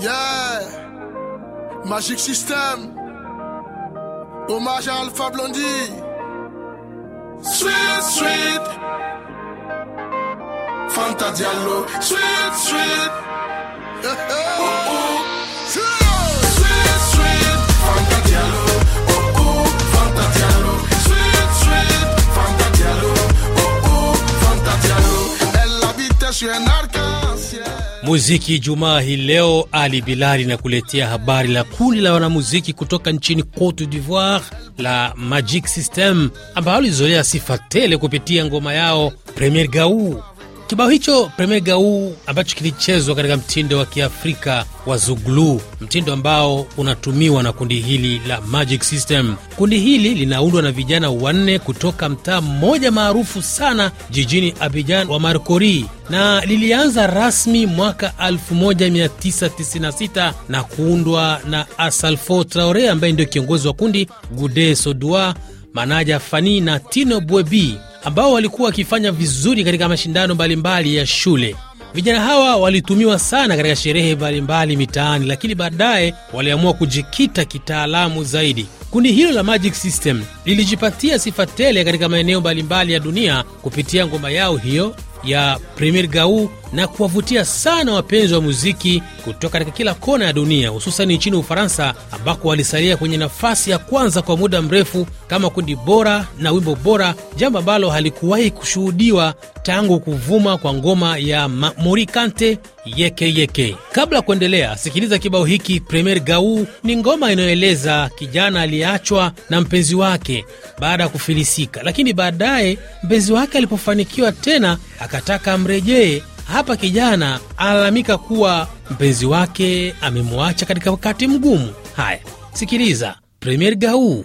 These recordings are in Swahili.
Yeah. Magic System. Hommage à Alpha Blondie. Sweet, sweet. Fanta Diallo. Sweet, sweet. Oh, oh. Sweet, sweet. Fanta Diallo. Oh, oh. Fanta Sweet, sweet. Fanta Fanta Elle habite sur un muziki Jumaa hii leo, Ali Bilali na habari la kundi la wanamuziki kutoka nchini Cote d'Ivoire la Magic System ambayo lizolea sifa tele kupitia ngoma yao Premier Gaou Kibao hicho Premega gau ambacho kilichezwa katika mtindo wa Kiafrika wa zuglu mtindo ambao unatumiwa na kundi hili la Magic System. Kundi hili linaundwa na vijana wanne kutoka mtaa mmoja maarufu sana jijini abijan wa markori na lilianza rasmi mwaka 1996 na kuundwa na Asalfo Traore ambaye ndio kiongozi wa kundi, Gude sodua Manaja Fani na Tino Bwebi ambao walikuwa wakifanya vizuri katika mashindano mbalimbali ya shule. Vijana hawa walitumiwa sana katika sherehe mbalimbali mitaani, lakini baadaye waliamua kujikita kitaalamu zaidi. Kundi hilo la Magic System lilijipatia sifa tele katika maeneo mbalimbali ya dunia kupitia ngoma yao hiyo ya Premier Gau na kuwavutia sana wapenzi wa muziki kutoka katika kila kona ya dunia, hususani nchini Ufaransa ambako walisalia kwenye nafasi ya kwanza kwa muda mrefu kama kundi bora na wimbo bora, jambo ambalo halikuwahi kushuhudiwa tangu kuvuma kwa ngoma ya Morikante yekeyeke yeke. Kabla ya kuendelea, sikiliza kibao hiki Premier Gau. Ni ngoma inayoeleza kijana aliyeachwa na mpenzi wake baada ya kufilisika, lakini baadaye mpenzi wake alipofanikiwa tena akataka amrejee hapa kijana analalamika kuwa mpenzi wake amemwacha katika wakati mgumu. Haya, sikiliza Premier Gau.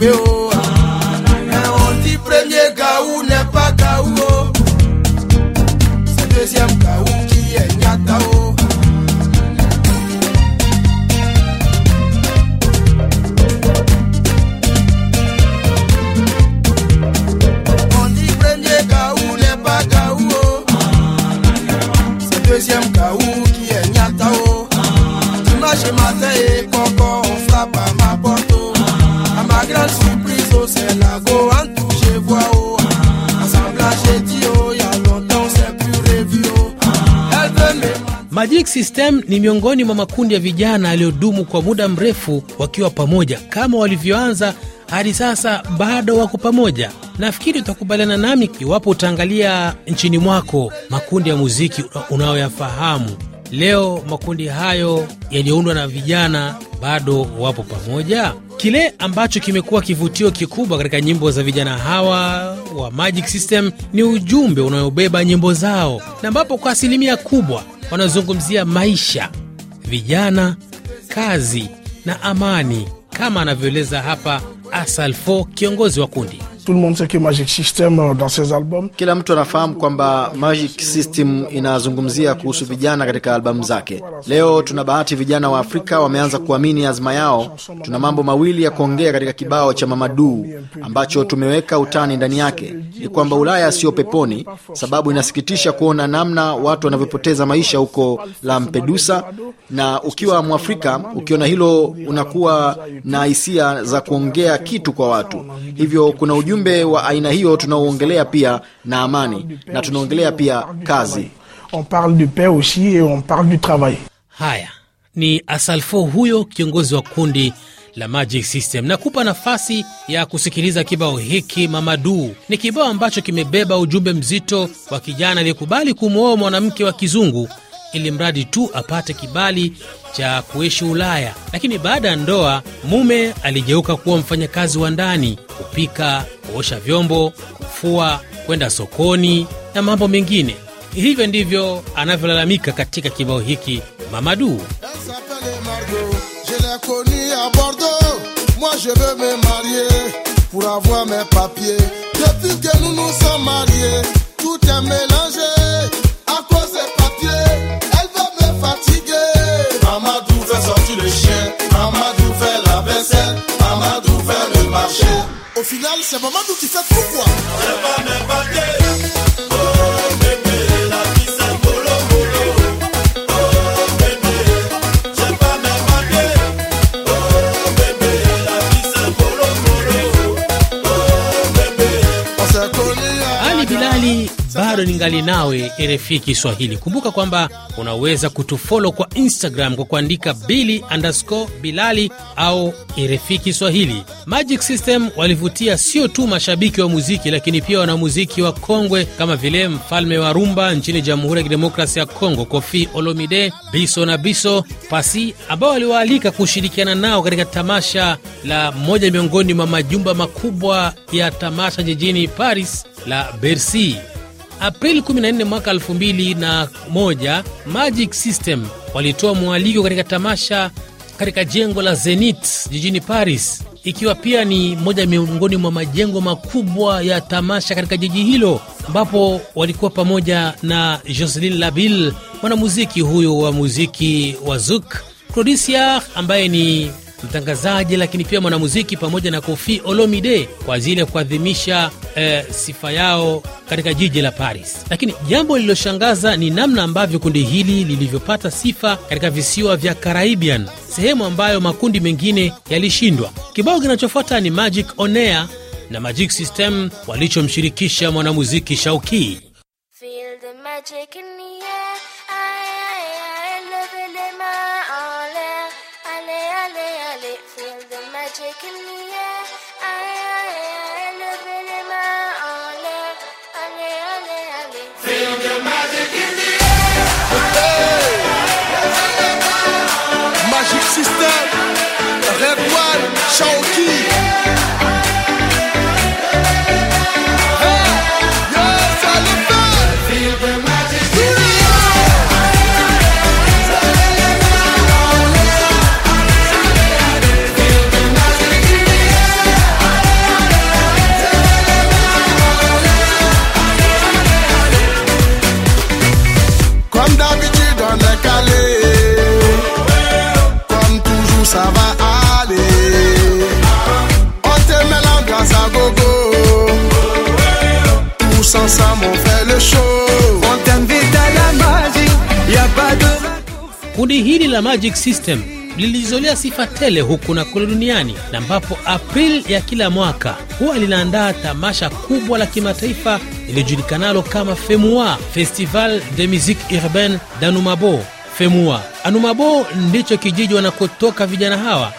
pé Magic System ni miongoni mwa makundi ya vijana yaliyodumu kwa muda mrefu wakiwa pamoja. Kama walivyoanza hadi sasa bado wako pamoja. Nafikiri utakubaliana nami iwapo utaangalia nchini mwako makundi ya muziki unayoyafahamu leo, makundi hayo yaliyoundwa na vijana bado wapo pamoja. Kile ambacho kimekuwa kivutio kikubwa katika nyimbo za vijana hawa wa Magic System ni ujumbe unaobeba nyimbo zao, na ambapo kwa asilimia kubwa wanazungumzia maisha, vijana, kazi na amani, kama anavyoeleza hapa Asalfo, kiongozi wa kundi kila mtu anafahamu kwamba Magic System inazungumzia kuhusu vijana katika albamu zake. Leo tuna bahati, vijana wa Afrika wameanza kuamini azma yao. Tuna mambo mawili ya kuongea katika kibao cha Mamadu ambacho tumeweka utani ndani yake, ni kwamba Ulaya sio peponi, sababu inasikitisha kuona namna watu wanavyopoteza maisha huko Lampedusa, na ukiwa Mwafrika ukiona hilo unakuwa na hisia za kuongea kitu kwa watu, hivyo kuna ujumbe wa aina hiyo tunaoongelea pia na amani na tunaongelea pia kazi. On parle du aussi et on parle du travail. Haya ni Asalfo huyo kiongozi wa kundi la Magic System. Nakupa nafasi ya kusikiliza kibao hiki Mamadu. Ni kibao ambacho kimebeba ujumbe mzito wa kijana aliyekubali kumwoa mwanamke wa kizungu ili mradi tu apate kibali cha kuishi Ulaya. Lakini baada ya ndoa, mume aligeuka kuwa mfanyakazi wa ndani, kupika, kuosha vyombo, kufua, kwenda sokoni na mambo mengine. Hivyo ndivyo anavyolalamika katika kibao hiki Mamadu. Pour avoir mes papiers, depuis que nous nous sommes mariés, tout est mélangé. Au final, c'est maman nous qui fait tout quoi. bado ningali nawe RFI Kiswahili. Kumbuka kwamba unaweza kutufolo kwa Instagram kwa kuandika bili underscore bilali au RFI Kiswahili. Magic System walivutia sio tu mashabiki wa muziki, lakini pia wanamuziki wa kongwe kama vile mfalme wa rumba nchini Jamhuri ya Kidemokrasi ya Kongo, Kofi Olomide, Biso na Biso Pasi, ambao waliwaalika kushirikiana nao katika tamasha la moja miongoni mwa majumba makubwa ya tamasha jijini Paris la Bercy. Aprili 14 mwaka 2001 Magic System walitoa mwaliko katika tamasha katika jengo la Zenith jijini Paris, ikiwa pia ni moja miongoni mwa majengo makubwa ya tamasha katika jiji hilo, ambapo walikuwa pamoja na Jocelyn Labille, mwanamuziki huyo wa muziki wa Zouk, Claudicia ambaye ni mtangazaji, lakini pia mwanamuziki pamoja na kofi Olomide kwa ajili ya kuadhimisha eh, sifa yao katika jiji la Paris. Lakini jambo lililoshangaza ni namna ambavyo kundi hili lilivyopata sifa katika visiwa vya Caribbean, sehemu ambayo makundi mengine yalishindwa. Kibao kinachofuata ni Magic onea na Magic System walichomshirikisha mwanamuziki Shauki Feel the magic in Gypsy Step, Red One, Shaoki. ensemble, on fait le show. On t'invite à la magie, y a pas de Kundi hili la Magic System lilizolea sifa tele huku na kule duniani na ambapo april ya kila mwaka huwa linaandaa tamasha kubwa la kimataifa lilijulikanalo kama FEMUA, Festival de Musique Urbaine d'Anumabo. FEMUA Anumabo ndicho kijiji wanakotoka vijana hawa,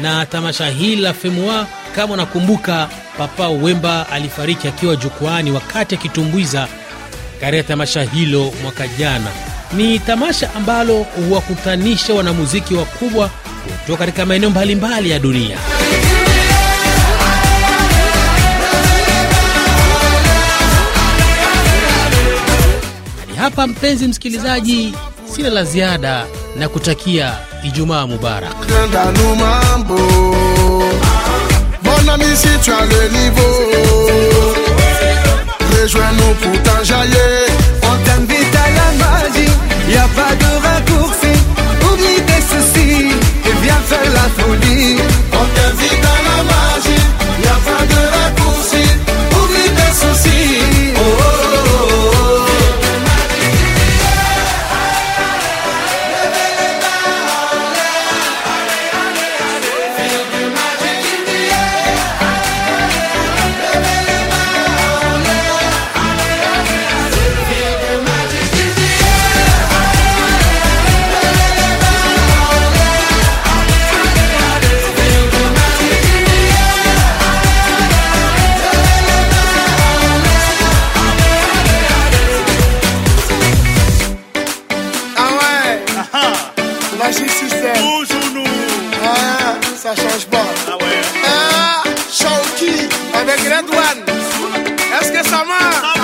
na tamasha hili la FEMUA kama unakumbuka, Papa Wemba alifariki akiwa jukwani wakati akitumbwiza katika tamasha hilo mwaka jana. Ni tamasha ambalo huwakutanisha wanamuziki wakubwa kutoka katika maeneo mbalimbali ya dunia. Hadi hapa, mpenzi msikilizaji, sina la ziada na kutakia Ijumaa mubarak. ami, si tu as le niveau, rejoins-nous pour t'enjailler. On t'invite à la magie, Y'a pas de la J-System. Toujours nous. Ah, ça change pas. Ah ouais. Ah, Shawky avec Red One. Est-ce que ça marche?